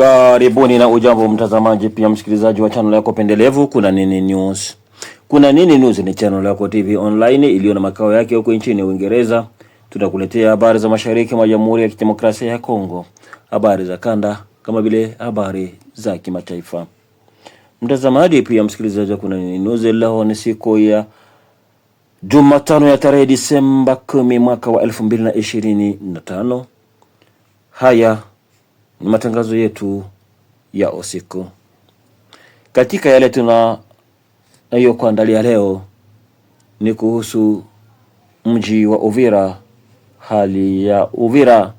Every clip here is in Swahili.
Karibuni na ujambo mtazamaji, pia msikilizaji wa channel yako pendelevu Kuna Nini News. Kuna Nini News ni channel yako TV online iliyo na makao yake huko nchini Uingereza. Tunakuletea habari za mashariki mwa Jamhuri ya Kidemokrasia ya Kongo, habari za kanda kama vile habari za kimataifa. Mtazamaji pia msikilizaji wa Kuna Nini News, leo ni siku ya Jumatano ya tarehe Disemba 10 mwaka wa 2025. Haya ni matangazo yetu ya usiku. Katika yale tunayokuandalia leo ni kuhusu mji wa Uvira, hali ya Uvira,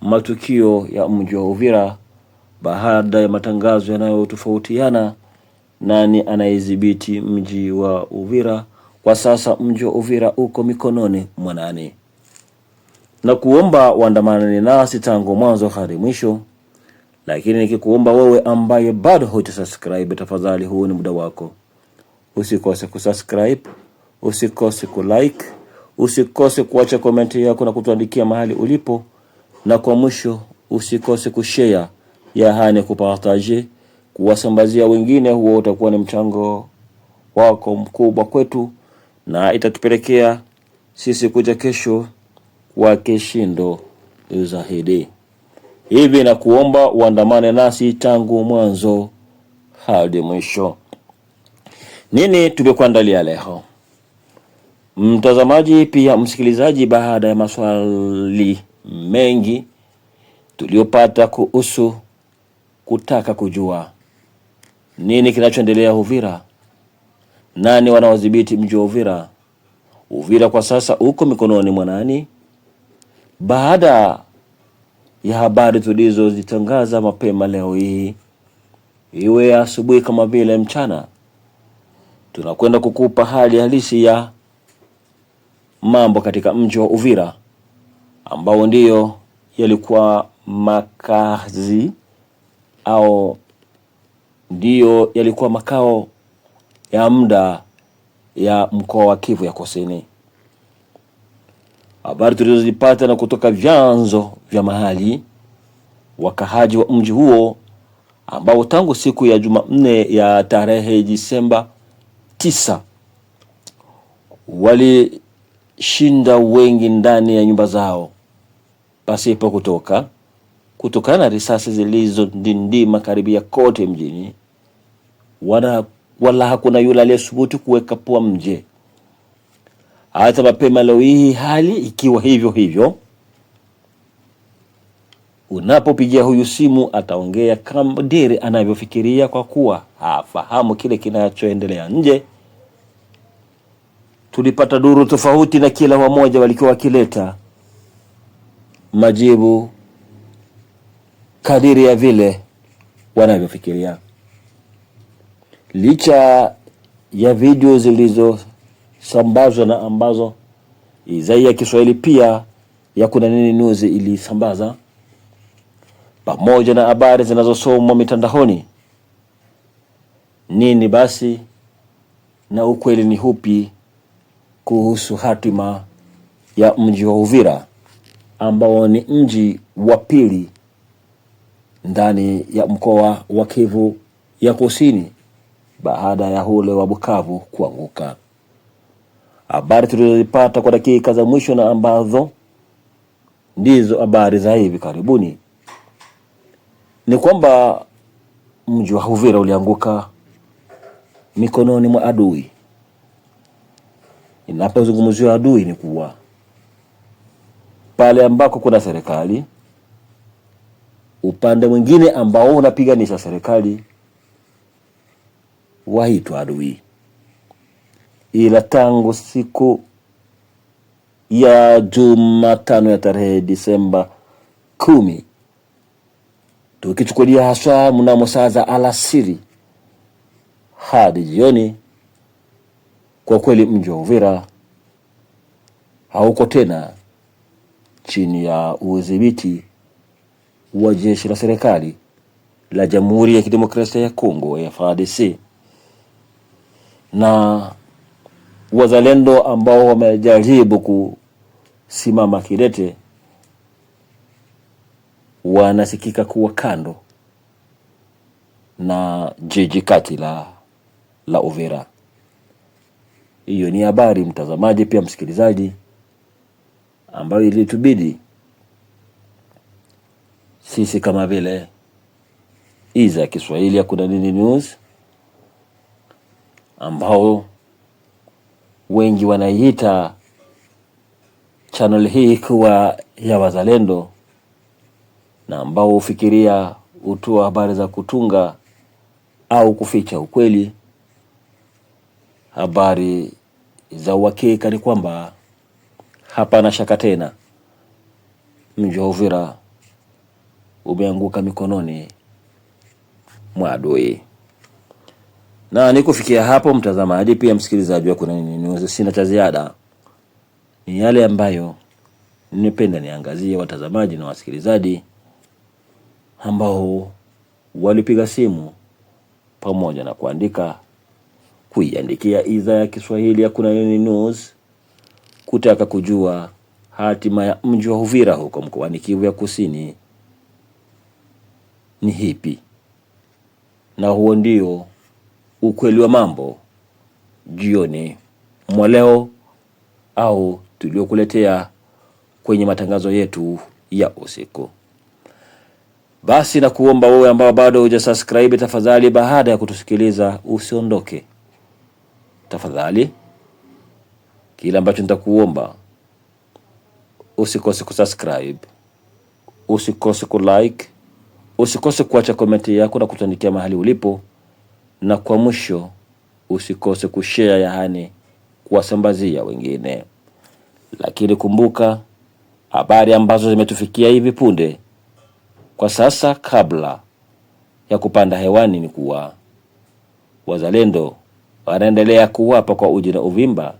matukio ya mji wa Uvira baada ya matangazo yanayotofautiana, nani anayedhibiti mji wa Uvira kwa sasa? Mji wa Uvira uko mikononi mwa nani? Na kuomba waandamane nasi tangu mwanzo hadi mwisho lakini nikikuomba wewe ambaye bado hujasubscribe, tafadhali, huu ni muda wako, usikose kusubscribe, usikose kulike, usikose kuacha komenti yako na kutuandikia mahali ulipo, na kwa mwisho usikose kushare, yahani kupartage, kuwasambazia wengine. Huo utakuwa ni mchango wako mkubwa kwetu na itatupelekea sisi kuja kesho kwa kishindo zaidi hivi na kuomba uandamane nasi tangu mwanzo hadi mwisho. Nini tumekuandalia leo, mtazamaji pia msikilizaji? Baada ya maswali mengi tuliopata kuhusu kutaka kujua nini kinachoendelea Uvira, nani wanaodhibiti mji wa Uvira, Uvira kwa sasa uko mikononi mwa nani? baada ya habari tulizozitangaza mapema leo hii, iwe asubuhi kama vile mchana. Tunakwenda kukupa hali halisi ya mambo katika mji wa Uvira ambao ndiyo yalikuwa makazi au ndiyo yalikuwa makao ya muda ya mkoa wa Kivu ya Kusini. Habari tulizozipata na kutoka vyanzo vya mahali, wakahaji wa mji huo ambao tangu siku ya Jumanne ya tarehe Disemba tisa walishinda wengi ndani ya nyumba zao pasipo kutoka kutokana na risasi zilizodindima karibia kote mjini, wala, wala hakuna yule aliyesubutu kuweka pua mje hata mapema leo hii, hali ikiwa hivyo hivyo. Unapopigia huyu simu, ataongea kadiri anavyofikiria, kwa kuwa hafahamu kile kinachoendelea nje. Tulipata duru tofauti, na kila wamoja walikuwa wakileta majibu kadiri ya vile wanavyofikiria, licha ya video zilizo sambazwa na ambazo idhaa ya Kiswahili pia ya Kuna Nini News ilisambaza pamoja na habari zinazosomwa mitandaoni. Nini basi na ukweli ni hupi kuhusu hatima ya mji wa Uvira ambao ni mji wa pili ndani ya mkoa wa Kivu ya Kusini baada ya ule wa Bukavu kuanguka habari tulizozipata kwa dakika za mwisho na ambazo ndizo habari za hivi karibuni ni kwamba mji wa Uvira ulianguka mikononi mwa adui. Inapozungumziwa adui, ni kuwa pale ambako kuna serikali, upande mwingine ambao unapiganisha serikali waitwa adui ila tangu siku ya Jumatano ya tarehe Disemba kumi, tukichukulia haswa mnamo saa za alasiri hadi jioni, kwa kweli mji wa Uvira hauko tena chini ya udhibiti wa jeshi la serikali la Jamhuri ya Kidemokrasia ya Kongo ya FARDC na wazalendo ambao wamejaribu kusimama kidete wanasikika kuwa kando na jiji kati la, la Uvira. Hiyo ni habari mtazamaji, pia msikilizaji, ambayo ilitubidi sisi kama vile iza ya Kiswahili ya Kuna Nini News ambao wengi wanaiita channel hii kuwa ya wazalendo na ambao hufikiria hutoa habari za kutunga au kuficha ukweli. Habari za uhakika ni kwamba hapana shaka tena, mji wa Uvira umeanguka mikononi mwa adui. Na ni kufikia hapo, mtazamaji pia msikilizaji wa Kuna Nini News, sina cha ziada. Ni yale ambayo nimependa niangazie watazamaji na wasikilizaji ambao walipiga simu pamoja na kuandika kuiandikia idhaa ya Kiswahili ya Kuna Nini News kutaka kujua hatima ya mji wa Uvira huko mkoani Kivu ya Kusini ni hipi, na huo ndio ukweli wa mambo jioni mwa leo au tuliokuletea kwenye matangazo yetu ya usiku. Basi na kuomba wewe ambao bado hujasubscribe, tafadhali baada ya kutusikiliza usiondoke. Tafadhali kile ambacho nitakuomba, usikose kusubscribe, usikose kulike, usikose kuacha komenti yako na kutuandikia mahali ulipo na kwa mwisho usikose kushare, yaani kuwasambazia wengine. Lakini kumbuka habari ambazo zimetufikia hivi punde kwa sasa, kabla ya kupanda hewani, ni kuwa wazalendo wanaendelea kuwapa kwa uji na uvimba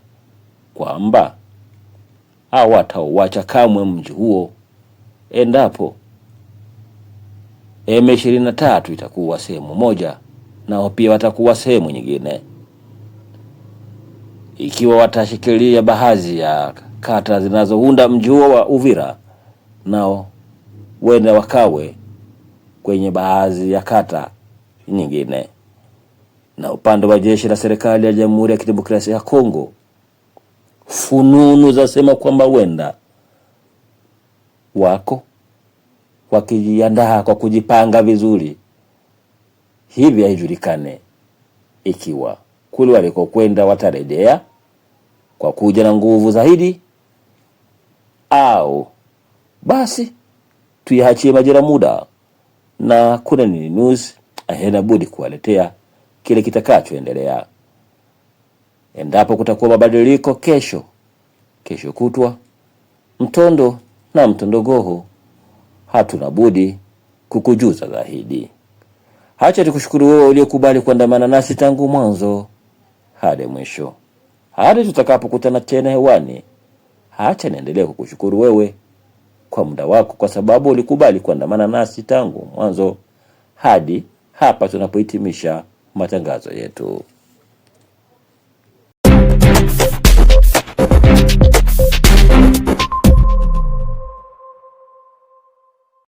kwamba hawatauacha kamwe mji huo endapo M23 itakuwa sehemu moja nao pia watakuwa sehemu nyingine. Ikiwa watashikilia baadhi ya kata zinazounda mji huo wa Uvira, nao wenda wakawe kwenye baadhi ya kata nyingine. Na upande wa jeshi la serikali ya Jamhuri ya Kidemokrasia ya Kongo, fununu zasema kwamba wenda wako wakijiandaa kwa kujipanga vizuri hivi haijulikane ikiwa kule walikokwenda watarejea kwa kuja na nguvu zaidi au basi tuyaachie majira muda. Na Kuna Nini News haina budi kuwaletea kile kitakachoendelea. Endapo kutakuwa mabadiliko kesho, kesho kutwa, mtondo na mtondogoho, hatuna budi kukujuza zaidi. Hacha tukushukuru wewe uliokubali kuandamana nasi tangu mwanzo hadi mwisho, hadi tutakapokutana tena hewani. Hacha niendelee kukushukuru wewe kwa muda wako, kwa sababu ulikubali kuandamana nasi tangu mwanzo hadi hapa tunapohitimisha matangazo yetu.